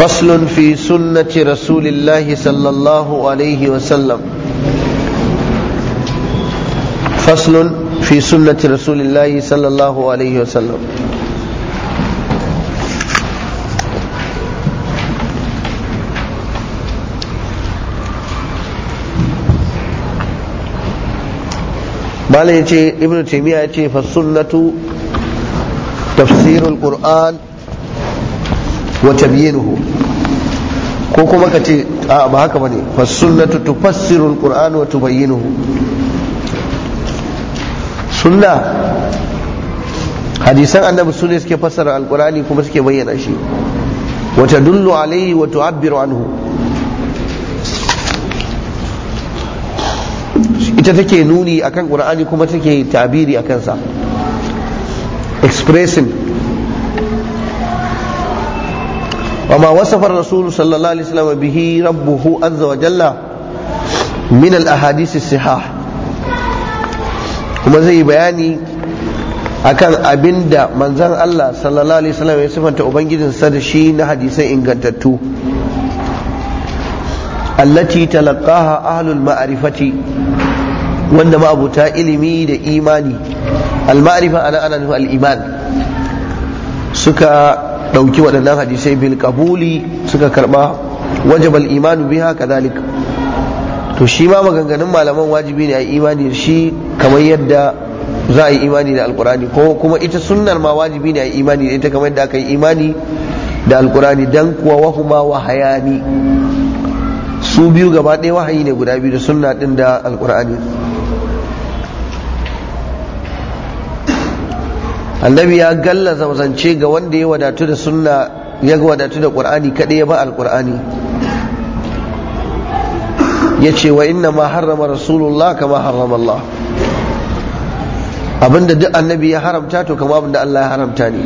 فصل في سنة رسول الله صلى الله عليه وسلم فصل في سنة رسول الله صلى الله عليه وسلم malam ya ce ibn taimiyya ya ce fassunnatu tafsirul qur'an wa tabyinuhu ko kuma ka ce a ba haka bane fasunnatu tufassiru alquran wa tubayyinuhu sunna hadisan annabi sune suke fassara alqurani kuma suke bayyana shi wata tadullu alayhi wa tu'abbiru anhu ita take nuni akan qur'ani kuma take tabiri akan sa expressing وما وصف الرسول صلى الله عليه وسلم به ربه عز وجل من الأحاديث الصحاح kuma zai yi bayani akan abin da manzan Allah sallallahu alaihi wasallam ya sifanta ubangijinsa da shi na hadisan ingantattu allati talaqaha ahlul ma'rifati wanda ma'abuta ilimi da imani al-ma'rifa ana ana al-iman suka Dauki waɗannan hadisai bil kabuli suka karɓa wajibal imanu biha kadhalik to shi ma maganganun malaman wajibi ne a imani shi kamar yadda za a yi imani da alqurani ko kuma ita sunnar ma wajibi ne a imani da ita kamar yadda aka yi imani da alkurani dan kuwa wahuma wa hayani su biyu gaba ɗaya wahayi ne guda biyu da sunna din da alkurani annabi ya gallaza zance ga wanda ya wadatu da sunna ya wadatu da qur'ani kadai ya ba alqur'ani yace wa inna ma harrama rasulullah kama harrama Allah abinda duk annabi ya haramta to kama abinda Allah ya haramta ne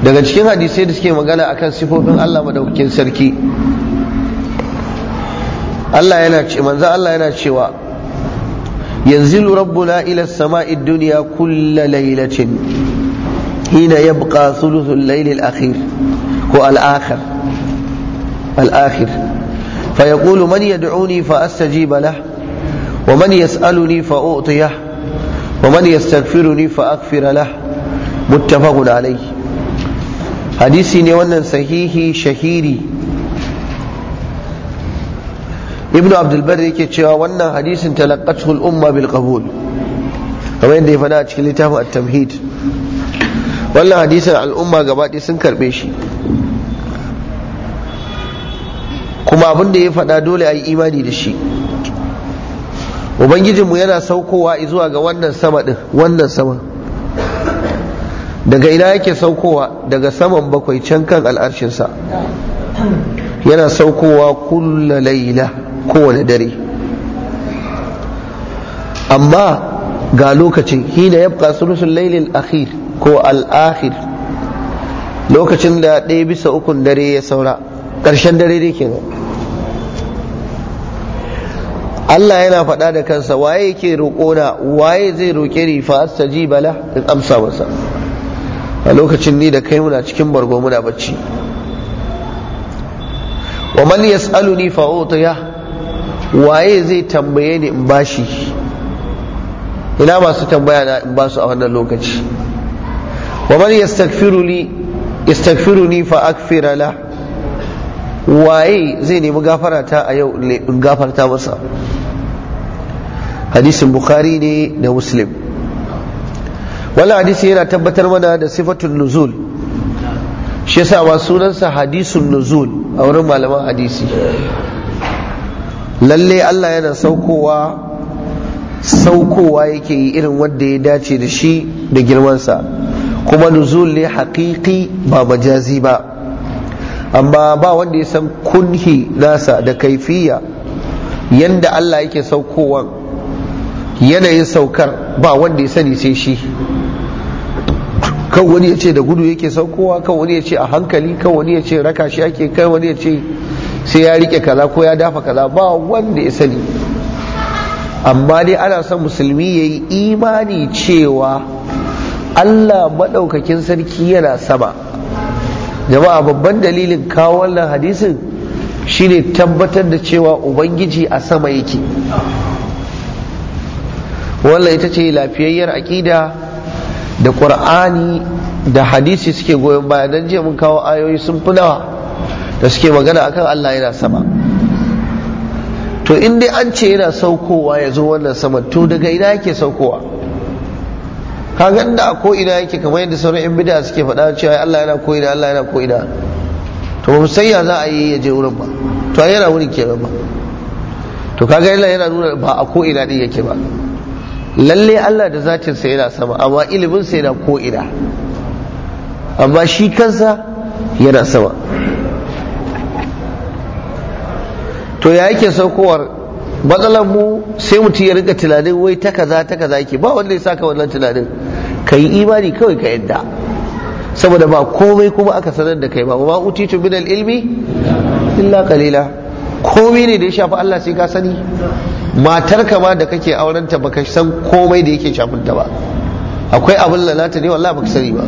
daga cikin hadisai da suke magana akan sifofin Allah madaukakin sarki Allah yana ce manzo Allah yana cewa yanzilu rabbuna ila sama'id dunya kulla lailatin hina yabqa thuluthul layl al-akhir ko al-akhir al-akhir fa yaqulu man yad'uni fa astajiba lah wa man yas'aluni fa u'tiyah wa man yastaghfiruni fa hadisi ne wannan sahihi shahiri ibnu abdulbar yake cewa wannan hadisin talaqatu al-umma bil qabul kamar yadda ya faɗa a cikin littafin at-tamhid wannan hadisin al'umma gaba ɗaya sun karɓe shi kuma abin da ya faɗa dole a yi imani da shi ubangijinmu yana saukowa zuwa ga wannan sama ɗin wannan sama daga ina yake saukowa daga saman bakwai can kan al'arshinsa yana saukowa kulla laila kowane dare amma ga lokacin hina yabqa sulusul lailin akhir ko al lokacin da ɗaya bisa ukun dare ya saura ƙarshen dare dai kenan Allah yana faɗa da kansa waye ke roƙona waye zai roƙe ni fa astaji bala in amsa masa a lokacin ni da kai muna cikin bargo muna bacci wa man yas'aluni fa utiya waye zai tambaye ni in bashi ina masu tambaya na in basu a wannan lokaci wa man yastaghfiruni ni fa aghfira la waye zai nemi gafarata a yau in gafarta masa hadisin bukhari ne da muslim wannan hadisi yana tabbatar mana da sifatun nuzul shi yasa wa sunansa hadisun nuzul a wurin malaman hadisi lalle Allah yana saukowa saukowa yake yi irin wanda ya dace da shi da girmansa kuma nuzul ne haƙiƙi ba majazi ba amma ba wanda ya san kunhi nasa da kaifiya yanda Allah yake saukowa yanayin saukar ba wanda ya sani sai shi kan wani ya ce da gudu yake saukowa kan wani ya ce a hankali kan wani ya ce raka shi ake kan wani ya ce sai ya rike kaza ko ya dafa kaza ba wanda ya sani amma dai ana son musulmi ya yi imani cewa Allah maɗaukakin sarki yana sama jama'a babban dalilin kawo wannan hadisin shine tabbatar da cewa ubangiji a sama yake wannan ita ce lafiyayyar aƙida da ƙur'ani da hadisi suke goyon baya don jiya mun kawo ayoyi sun fi nawa da suke magana akan Allah yana sama to in dai an ce yana saukowa ya zo wannan sama to daga ina yake saukowa ga inda ko ina yake kamar yadda sauran yan bid'a suke faɗa cewa Allah yana ko ina Allah yana ko ina to ba sai ya za a yi ya je wurin ba to ai yana wurin kenan ba to kaga Allah yana nuna ba a ko ina din yake ba lalle Allah da zatin sa yana sama amma ilimin sa yana ko ina amma shi kansa yana sama to ya yake saukowar matsalar mu sai mutum ya rika tunanin wai ta kaza ta kaza yake ba wanda ya saka wannan tunanin ka yi imani kawai ka yadda saboda ba komai kuma aka sanar da kai ba ma utitu min ilmi illa qalila komai ne da ya shafi Allah sai ka sani matar ka ma da kake aurenta baka san komai da yake shafin ta ba akwai abin lalata ne wallahi baka sani ba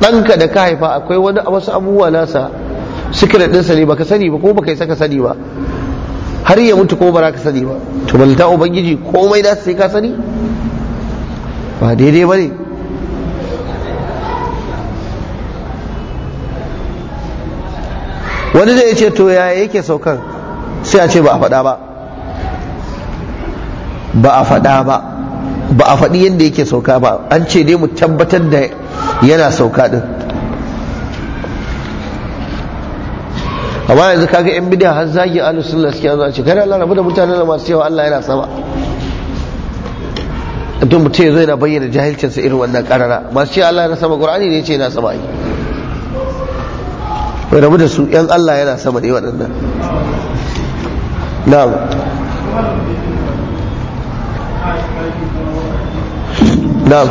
ɗanka da ka haifa akwai wani wasu abubuwa nasa sikirar ɗinsa ne baka sani ba ko baka saka sani ba har ya mutu ko ba ka sani ba to balta ubangiji komai da sai ka sani ba daidai ba ne wani zai ce to yaya yake saukan sai a ce ba a faɗa ba ba a faɗa ba ba a faɗi yadda yake sauka ba an ce dai mu tabbatar da yana sauka ɗin amma yanzu kaga yan bidiyar har zagi ahlus sunna suke zuwa ce kada Allah rabu da mutanen da masu cewa Allah yana sama don mutum ya zo yana bayyana jahilcinsa irin wannan karara masu cewa Allah yana sama Qur'ani ne ce yana sama ai rabu da su yan Allah yana sama ne waɗannan na'am na'am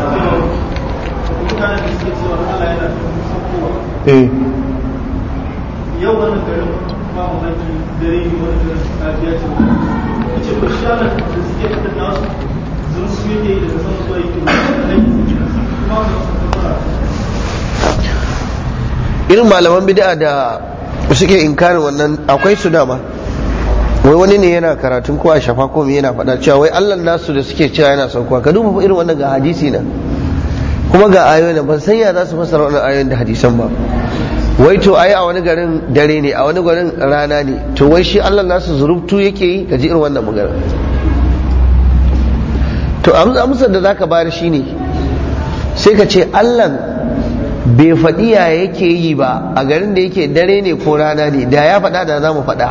eh su irin malaman bid'a da suke inkarin wannan akwai su dama wai wani ne yana karatun kowa a shafa ko yana faɗa cewa wai Allah nasu da suke cewa yana saukowa ka duba irin wannan ga hadisi na kuma ga na ban sanya za su fasara wannan ayoyin da hadisan ba wai to ai a wani garin dare ne a wani garin rana ne to wai shi Allah nasu zurubtu yake yi ka ji irin wannan magana to amsar da zaka bayar ne sai ka ce Allah bai faɗi ya yake yi ba a garin da yake dare ne ko rana ne da ya faɗa da za mu faɗa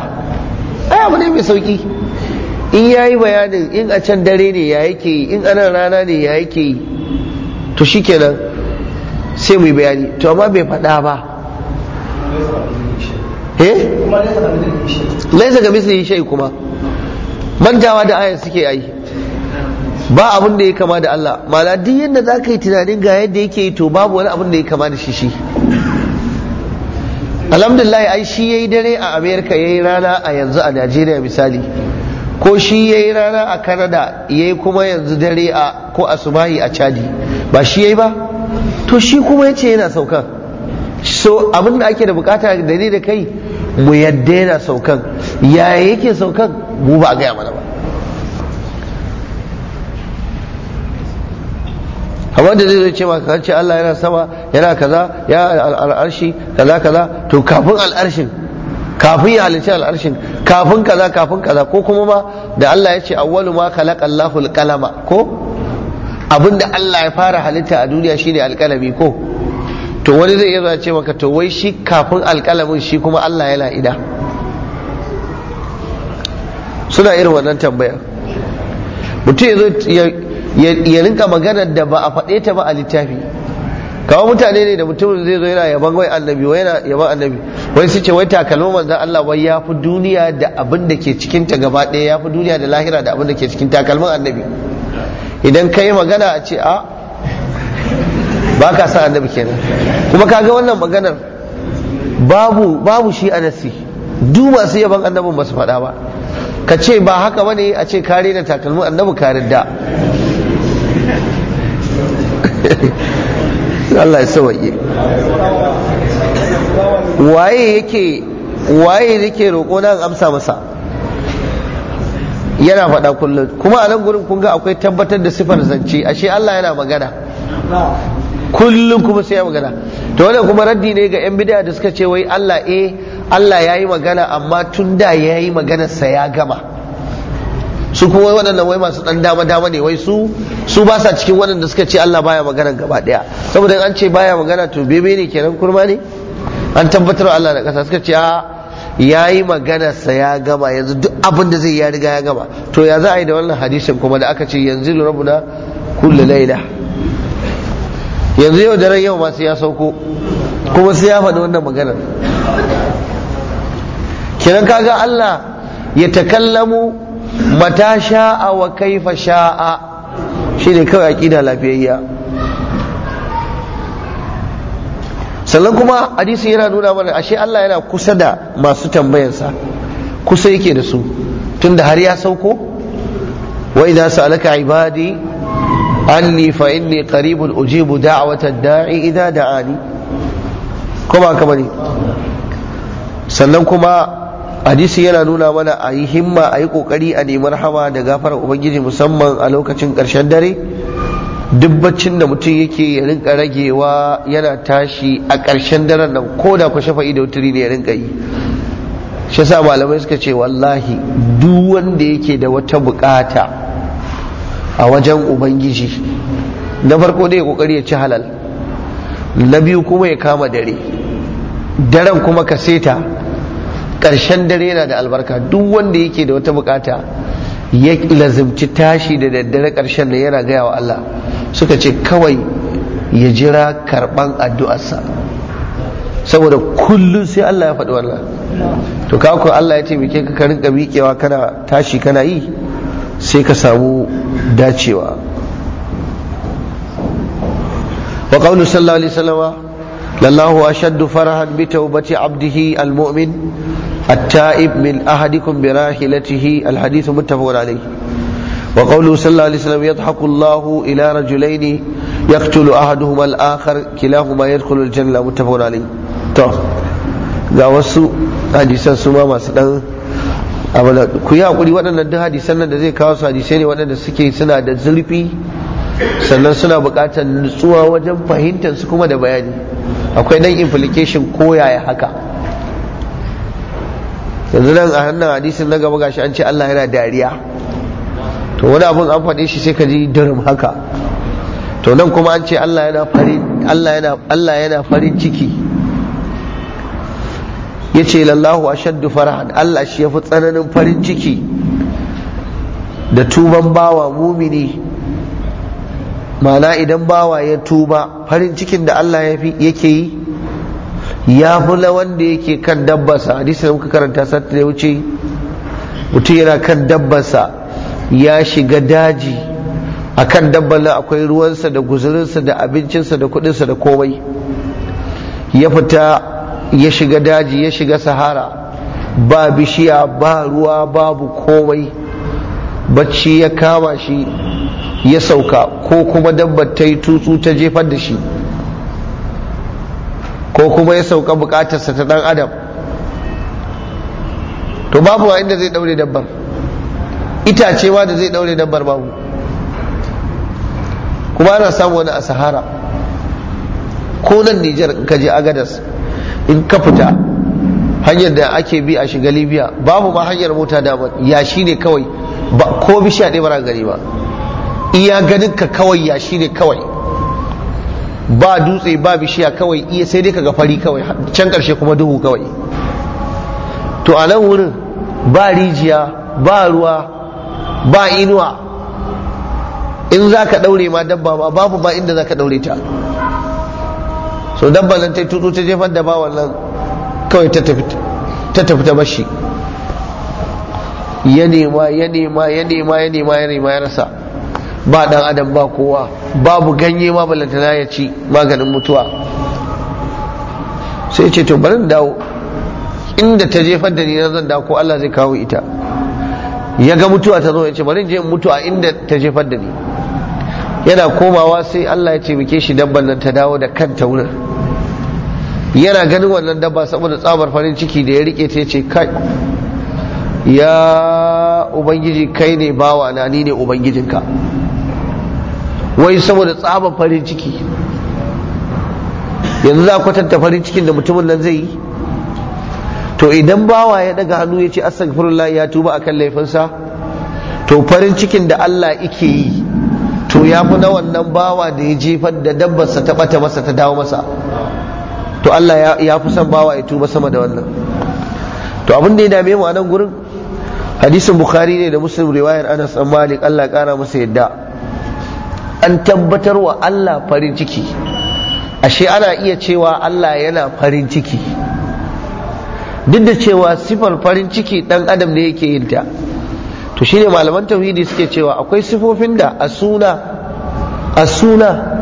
ai abu ne mai sauki in ya yi bayanin in a can dare ne ya yake yi in anan rana ne ya yake yi to shikenan sai mu yi bayani to amma bai faɗa ba eh laisa ga mislihi shai kuma mantawa da ayar suke yi ba abin da ya kama da Allah mala duk yadda za ka yi tunanin ga yadda yake yi to babu wani abin da ya kama da shi shi alhamdulillah ai shi yayi dare a america yayi rana a yanzu a najeriya misali ko shi yayi rana a canada yayi kuma yanzu dare a ko asubahi a chadi ba shi yayi ba to shi kuma yace yana saukan so abin da ake da bukata da ni da kai mu yadda yana saukan yaya yake saukan mu ba a gaya mana ba amma da zai ce maka ce Allah yana sama yana kaza ya al'arshi kaza kaza to kafin al'arshin kafin ya halicci al'arshin kafin kaza kafin kaza ko kuma ma da Allah ya ce awwalu ma khalaqa Allahul qalama ko abinda Allah ya fara halitta a duniya shine alkalami ko to wani zai iya zuwa ce maka to wai shi kafin alƙalamin shi kuma Allah yana ida suna irin wannan tambaya mutum ya rinka magana da ba a faɗe ta ba a littafi kawo mutane ne da mutum zai zo yana yaban wai annabi wai yana yaban annabi wai su ce wai takalmin manzon Allah wai ya fi duniya da abin da ke cikin ta gaba ɗaya ya fi duniya da lahira da abin da ke cikin takalmin annabi idan ka yi magana a ce a ba ka san annabi kenan kuma kaga wannan maganar babu babu shi a nasi duk masu yaban annabin ba su faɗa ba ka ce ba haka bane a ce kare da takalmin annabi karin da Allah ya sauwaye waye yake waye yake roƙo na amsa masa yana faɗa kullum kuma a nan gurin kun ga akwai tabbatar da sifar zance ashe Allah yana magana kullum kuma sai ya magana to wannan kuma raddi ne ga yan bid'a da suka ce wai Allah eh Allah yayi magana amma tun da yayi magana sa ya gama su kuma waɗannan wai masu ɗan dama dama ne wai su su ba sa cikin waɗanda suka ce Allah baya magana gaba ɗaya saboda an ce baya magana to bebe ne kenan kurma ne an tabbatar Allah da ƙasa suka ce a ya yi maganarsa ya gama yanzu duk abin da zai ya riga ya gama to ya za a yi da wannan hadisin kuma da aka ce yanzu na kullu laila yanzu yau daren yau masu ya sauko kuma sai ya faɗi wannan maganar kiran kaga Allah ya takallamu mata sha'a wa kaifa sha'a shi ne kawai aƙida lafiyayya sannan kuma hadisi yana nuna mana ashe Allah yana kusa da masu tambayarsa kusa yake da su tunda har ya sauko wa idza sa'alaka ibadi anni fa inni qaribun ujibu da'watad da'i idza da'ani ko ba ka ne sannan kuma hadisi yana nuna mana a yi himma a yi kokari a neman hama da gafara ubangiji musamman a lokacin karshen dare duk da mutum yake ya rinka ragewa yana tashi a karshen daren nan ko da ku shafa ido turi ne ya rinka yi shi sa malamai suka ce wallahi duk wanda yake da wata bukata a wajen ubangiji na farko dai kokari ya ci halal na biyu kuma ya kama dare daren kuma ka seta ƙarshen dare yana da albarka duk wanda yake da wata bukata ya lazimci tashi da daddare karshen da yana gaya wa Allah suka ce kawai ya jira karɓan addu'arsa saboda kullum sai Allah ya faɗi wannan to kawai Allah ya taimake ka ka rinka miƙewa kana tashi kana yi sai ka samu dacewa wa qawlu sallallahu alaihi wasallam lallahu ashaddu farahan bi tawbati abdihi almu'min التائب من أحدكم براحلته الحديث متفق عليه ga wasu hadisan su ma masu dan ku yi hakuri waɗannan duk hadisan nan da zai kawo su hadisai ne waɗanda suke suna da zurfi sannan suna buƙatar nutsuwa wajen fahimtar su kuma da bayani akwai dan implication koyaya haka yanzu nan a hannun hadisin na gaba gashi an ce Allah yana dariya to wani abun an faɗe shi sai ka ji durum haka to nan kuma an ce Allah yana farin ciki ya ce lallahu ashaddu farahan Allah shi ya fi tsananin farin ciki da tuban bawa mumini mana idan bawa ya tuba farin cikin da Allah yake yi ya fi wanda yake kan dabbasa hadisi da muka karanta sattu da wuce mutum yana kan dabbasa ya shiga daji a kan dabbar akwai ruwansa da guzurinsa da abincinsa da kudinsa da komai ya fita ya shiga daji ya shiga sahara ba bishiya ba ruwa babu komai bacci ya kama shi ya sauka ko kuma dabbar ta yi tutsu ta jefar da shi ko kuma ya sauka bukatarsa ta dan adam to babu wa inda zai daure dabbar itacewa da zai daure dabbar babu kuma ana samu wani a sahara ko nan nijar kaji agadas in ka fita hanyar da ake bi a shiga libya babu ma hanyar mota da yashi ne kawai ko bishiya ɗaya bara gari ba iya ganin ka kawai yashi ne kawai ba dutse ba bishiya kawai iya sai dai kaga fari kawai can karshe kuma duhu kawai to a nan wurin ba rijiya ba ruwa ba inuwa in za ka ɗaure ma dabba ba babu ba inda za ka ɗaure ta so dabba nan ta tutsu ta jefar da bawan nan kawai ta tafi ta bashi ya nema ya nema ya nema ya nema ya nema ya rasa ba dan adam ba kowa babu ganye ma balantana ya ci maganin mutuwa sai ce to bari dawo inda ta jefar da ni na zan dawo ko Allah zai kawo ita ya ga mutuwa ta zo ya ce bari je mutu a inda ta jefar da ni yana komawa sai Allah ya ce muke shi dabban nan ta dawo da kanta wurin yana ganin wannan dabba saboda tsabar farin ciki da ya rike ta ce kai ya ubangiji kai ne bawa na ni ne ubangijinka wai saboda tsabar farin ciki yanzu za kwatanta farin cikin da mutumin nan zai yi to idan bawa ya daga hannu ya ce astaghfirullah ya tuba akan laifinsa to farin cikin da Allah ike yi to ya fi na wannan bawa da ya jefar da dabbarsa ta bata masa ta dawo masa to Allah ya fi son bawa ya tuba sama da wannan to abin da ya dame mu a nan gurin hadisin bukhari ne da muslim riwayar anas an malik Allah kara masa yadda an tabbatar wa Allah farin ciki ashe ana iya cewa Allah yana farin ciki duk da cewa sifar farin ciki dan adam ne yake yin ta to shine malaman tauhidi suke cewa akwai sifofin da a a suna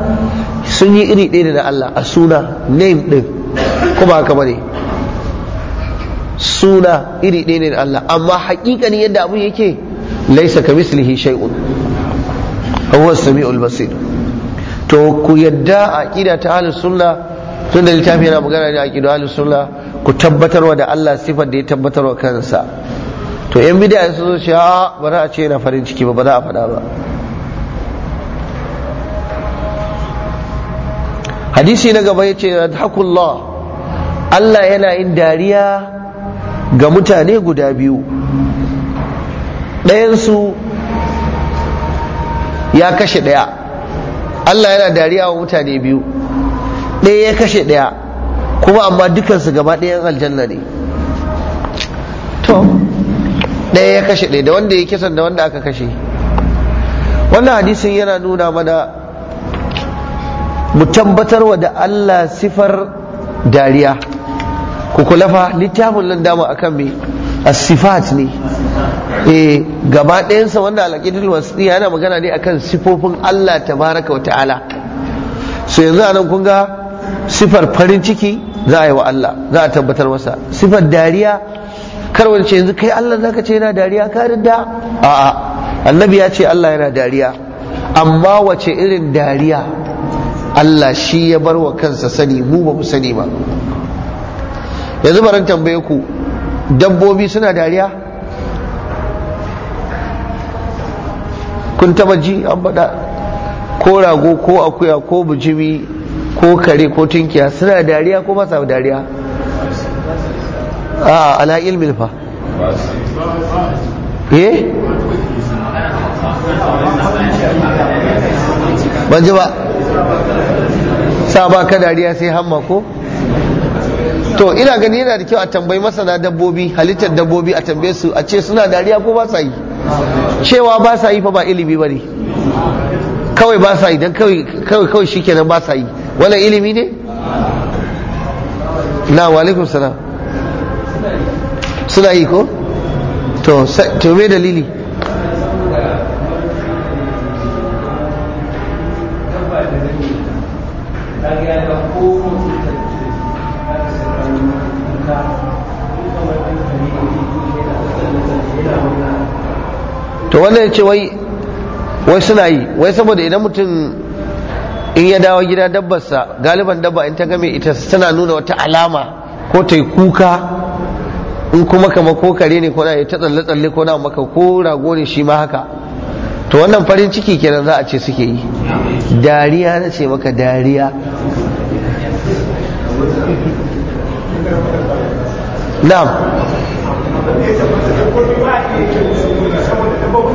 sun yi iri ɗaya da Allah a suna name ɗin ko ba haka bane suna iri ɗaya da Allah amma haƙiƙanin yadda abu yake laisa ka mislihi shay'un huwa samiul basir to ku yadda aqida ta ahlus sunna tun da littafi yana magana ne aqidu ahlus sunna ku tabbatarwa da Allah sifar da ya tabbatarwa kansa to yan bid'a sun zo ce a ba za a ce yana farin ciki ba ba za a faɗa ba hadisi na gaba yace yadhakullah Allah yana yin dariya ga mutane guda biyu ɗayansu ya kashe ɗaya Allah yana dariya wa mutane biyu ɗaya ya kashe ɗaya kuma amma dukansu gaba ɗayan aljanna ne to ɗaya ya kashe ɗaya da wanda ya kisan da wanda aka kashe wannan hadisin yana nuna mana mu wa da Allah sifar dariya ku kulafa littafin nan dama akan me asifat ne eh gaba ɗayansa wannan al wasu yana magana ne akan sifofin Allah tabaraka wa ta'ala so yanzu anan kun ga sifar farin ciki za a yi wa Allah za a tabbatar masa sifar dariya kar wani ce yanzu kai Allah zaka ce yana dariya ka ridda a'a annabi ya ce Allah yana dariya amma wace irin dariya Allah shi ya bar wa kansa sani mu ba mu sani ba yanzu baran tambaye ku dabbobi suna dariya kun taba ji an faɗa ko rago ko akuya ko bijimi ko kare ko tunkiya suna dariya ko ba sa dariya a ala ilmin fa eh ban ji ba ta ba ka dariya sai hamma ko to ina gani yana da kyau a tambayi masana dabbobi halittar dabbobi a tambaye su a ce suna dariya ko ba sa yi cewa ba sa yi fa ba ilimi ba ne kawai ba sa yi don kawai kawai shi kenan ba sa yi wannan ilimi ne na walaikum salam suna yi ko to me dalili to wannan ya ce wai suna yi wai saboda idan mutum in ya dawo gida dabbarsa galiban dabba in ta game ita suna nuna wata alama ko ta yi kuka in kuma kama ko kare ne ko na ta tsalle tsalle ko na maka ko rago ne shi ma haka to wannan farin ciki kenan za a ce suke yi dariya na ce maka dariya na'am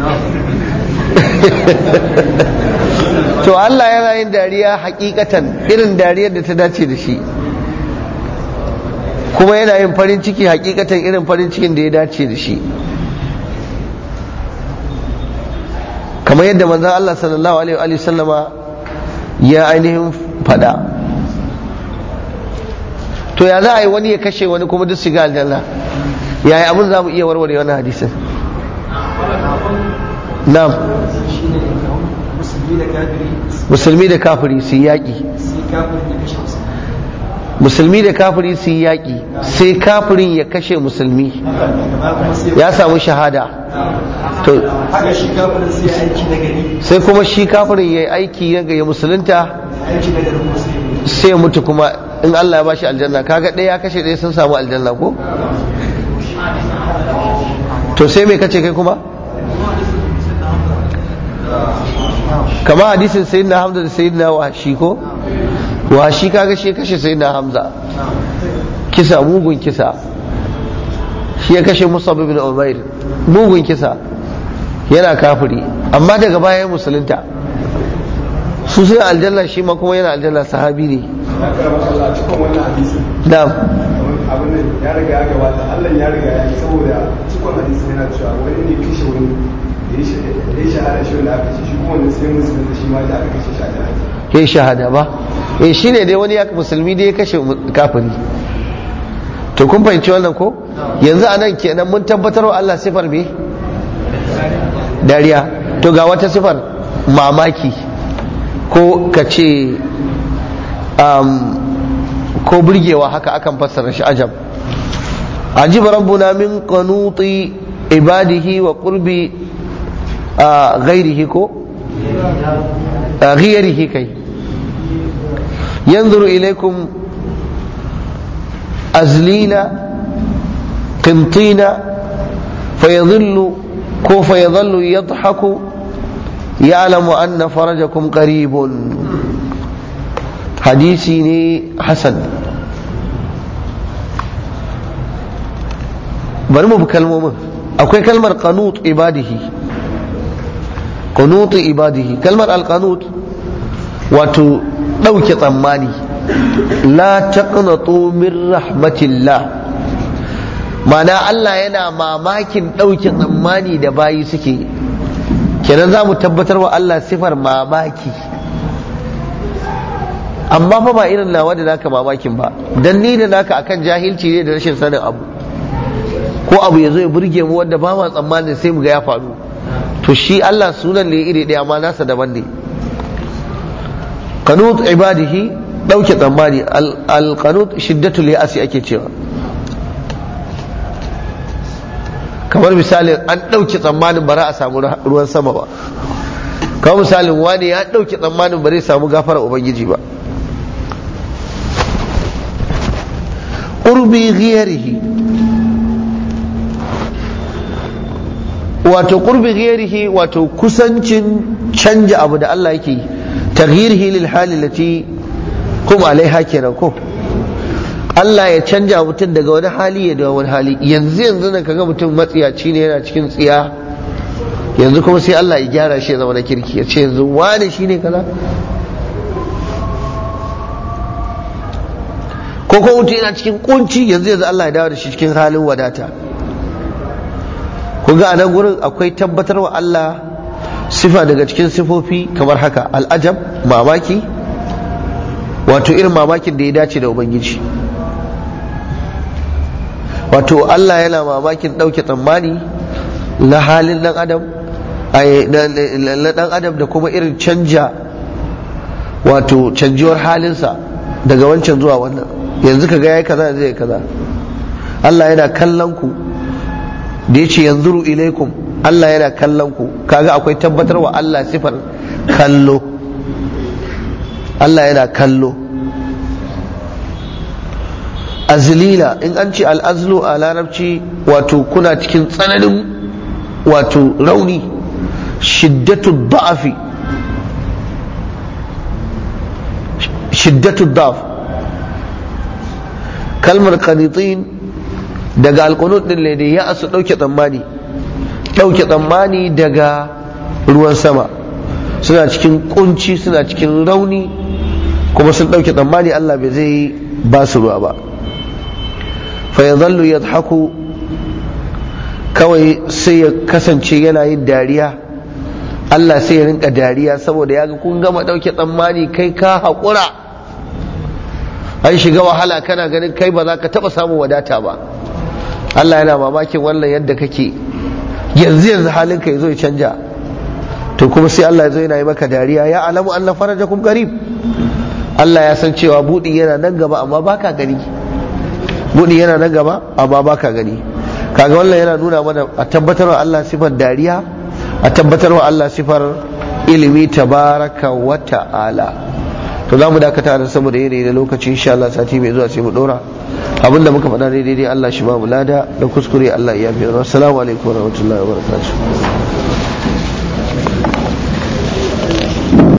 to Allah yana yin dariya hakikatan irin dariyar da ta dace da shi kuma yana yin farin ciki hakikatan irin farin cikin da ya dace da shi kamar yadda manzon Allah sallallahu alaihi wa sallama ya ainihin fada to ya za a yi wani ya kashe wani kuma duk su ga aljanna yi abin za mu iya warware wani hadisin na'am musulmi da kafiri su yi yaƙi musulmi da kafiri su yi yaƙi sai kafirin ya kashe musulmi ya samu shahada sai kuma shi kafirin ya yi aiki ya ya musulunta sai mutu kuma in Allah ya bashi aljanna kaga ɗaya ya kashe ɗaya sun samu aljanna ko to sai mai kace kai kuma kama hadisin sayyidina hamza da sayyidina wahashi ko wahashi kaga shi kashe sayyidina hamza kisa mugun kisa shi ya kashe musab ibn umair mugun kisa yana kafiri amma daga baya musulunta su suna aljanna shi ma kuma yana aljanna sahabi ne na'am abin ya riga ya gabata Allah ya riga ya yi saboda cikon hadisi yana cewa wani ne kashe wani ya shahada ba eh, shi ne dai wani ya musulmi da ya kashe kafiri to kun fahimci wannan ko yanzu a nan kenan mun tabbatar wa Allah sifar me dariya to ga wata sifar mamaki ko ka ce ko burgewa haka akan fassara shi ajab ajib rabbuna min qanuti ibadihi wa qurbi ghairihi ko ghiyarihi kai yanzuru ilaikum azlila qintina fayadhillu ko fayadhallu yadhaku ya'lamu anna farajakum qaribun hadisi ne hasan bari mu bi kalmomin akwai kalmar qanut ibadihi قنوط عباده كلمة القنوط wato ɗauke tsammani la taqnatu min rahmatillah mana Allah yana mamakin ɗauke tsammani da bayi suke kenan za mu tabbatar wa Allah sifar mamaki amma fa ba irin nawa da naka mamakin ba dan ni da naka akan jahilci ne da rashin sanin abu ko abu ya zo ya burge mu wanda ba ma tsammanin sai mu ga ya faru to shi Allah sunan ne iri ɗaya amma nasa daban ne qanut ibadihi ɗauke tsammani al qanut li asi ake cewa kamar misalin an ɗauke tsammanin bara a samu ruwan sama ba kamar misalin wani ya ɗauke tsammanin bari zai samu gafara ubangiji ba qurbi ghiyarihi wato kurbi ghairihi wato kusancin canja abu da Allah yake taghyirihi lil hali lati kuma alai kenan ko Allah ya canja mutum daga wani hali ya dawo wani hali yanzu yanzu na kaga mutum matsiyaci ne yana cikin tsiya yanzu kuma sai Allah ya gyara shi ya zama na kirki ya ce yanzu wani shi ne kaza ko ko mutum yana cikin kunci yanzu yanzu Allah ya dawo da shi cikin halin wadata kuga ga anan gurin akwai tabbatarwa Allah sifa daga cikin sifofi kamar haka al'ajab mamaki wato irin mamakin da ya dace da ubangiji wato Allah yana mamakin ɗauke tsammani na halin ɗan adam na ɗan adam da kuma irin canja wato canjiwar halinsa daga wancan zuwa wannan yanzu ka ga ya kaza zai kaza Allah yana kallon ku da yace yanzuru ilaikum Allah yana kallon ku kaga akwai tabbatarwa Allah sifar kallo Allah yana kallo azlila in an ce al'azlu a larabci wato kuna cikin tsananin wato rauni shiddatu da'afi shiddatu da'af kalmar qanitin daga alkunut din ne ya asu ɗauke tsammani ɗauke tsammani daga ruwan sama suna cikin kunci suna cikin rauni kuma sun dauke tsammani Allah bai zai ba su ruwa ba fa zallu ya haku kawai sai ya kasance yana yin dariya Allah sai ya rinka dariya saboda ya ga kun gama dauke tsammani kai ka haƙura an shiga wahala kana ganin kai ba za ka taɓa samun wadata ba Allah yana mamakin wannan yadda kake yanzu yanzu halinka yazo ya canja to kuma sai Allah yazo yana yi maka dariya ya alamu Allah farajakum qarib Allah ya san cewa budi yana nan gaba amma baka gani budi yana nan gaba amma baka gani kaga wannan yana nuna mana a tabbatarwa Allah sifar dariya a tabbatarwa Allah sifar ilimi tabaraka wa ta'ala to za mu dakata da saboda yanayi da lokaci insha Allah sati mai zuwa sai mu dora abinda muka faɗa daidai Allah shi ba mu lada da kuskure Allah ya fi assalamu alaikum warahmatullahi wabarakatuh